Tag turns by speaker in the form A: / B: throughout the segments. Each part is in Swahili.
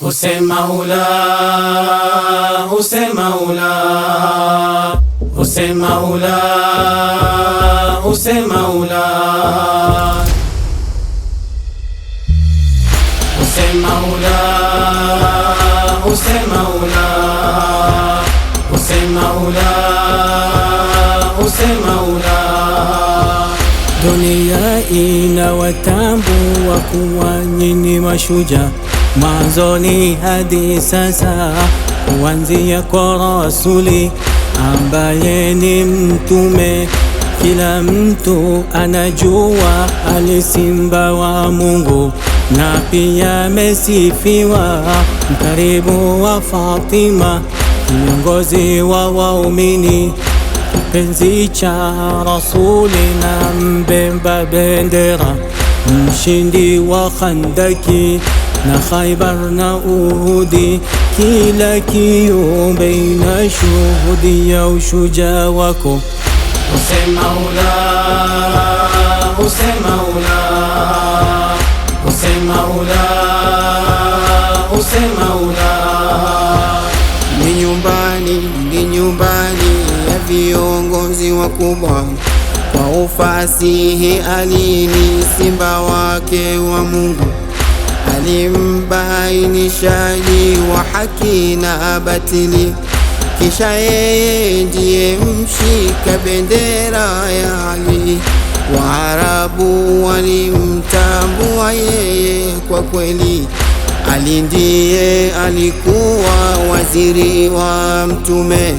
A: husema ula husema ula husema ula husema ula husema ula husema ula husema ula husema ula
B: dunia inawatambua kuwa nyinyi mashujaa mwanzoni hadi sasa, kuanzia kwa rasuli ambaye ni mtume. Kila mtu anajua alisimba wa Mungu na pia amesifiwa, mkaribu wa Fatima, kiongozi wa waumini, kipenzi cha rasuli na mbemba bendera, mshindi wa Khandaki na Khaibar na Uhudi, kila kiumbe ya ushujaa wako.
A: Use Maula, use Maula, use Maula, use Maula.
C: Ni nyumbani, ni nyumbani ya viongozi wakubwa kwa ufasihi alini, simba wake wa Mungu ni mbainishaji wa haki na batili, kisha yeye ndiye mshika bendera ya Ali. Waarabu walimtambua yeye kwa kweli. Ali ndiye alikuwa waziri wa Mtume.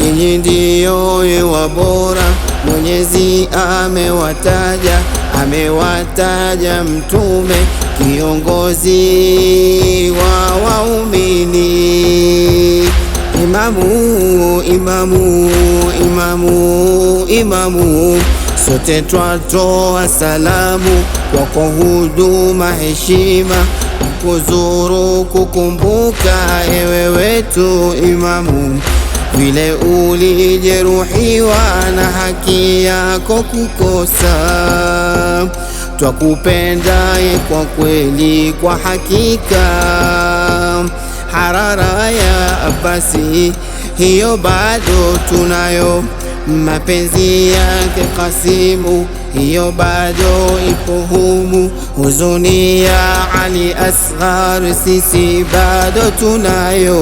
C: Nyinyi ndiyo wa bora, Mwenyezi amewataja amewataja Mtume kiongozi wa waumini,
D: imamu imamu imamu imamu, sote twatoa salamu kwako, huduma heshima kuzuru kukumbuka, ewe wetu imamu, vile ulijeruhiwa na haki yako kukosa twakupendaye kwa kweli kwa hakika, Harara ya Abasi hiyo bado tunayo, mapenzi yake Kasimu hiyo bado ipo humu, huzuni ya Ali Asghar sisi bado tunayo,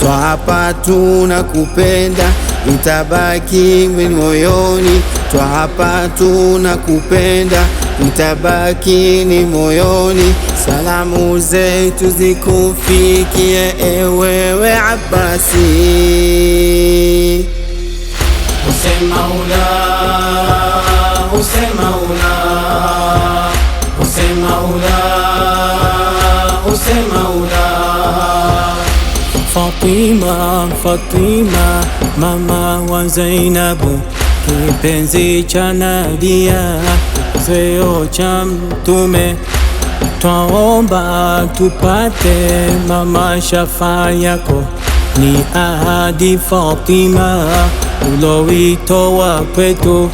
D: twapa tunakupenda itabaki moyoni twa hapa tunakupenda, utabaki ni moyoni, salamu zetu zikufikie ewewe Abasi.
A: Hussein Maula, Hussein Maula, Hussein Maula, Hussein Maula.
B: Fatima, Fatima, mama wa Zainabu Kipenzi cha Nadia, zeo cha Mtume, twaomba tupate mama shafa yako. Ni ahadi Fatima wa kwetu,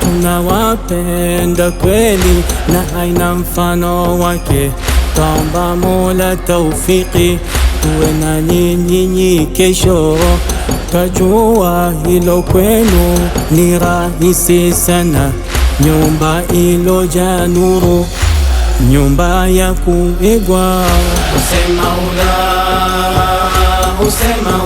B: tunawapenda kweli na haina mfano wake. Twaomba Mola taufiki tuwe na nyinyi kesho tajua hilo kwenu ni rahisi sana, nyumba ilojaa nuru, nyumba ya kuigwa.
A: Usema ula, usema